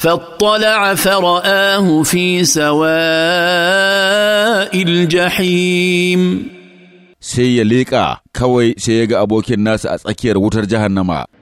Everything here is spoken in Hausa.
فاطلع فرآه في سواء الجحيم sai ya leƙa kawai sai ya ga abokin nasa a tsakiyar wutar jahannama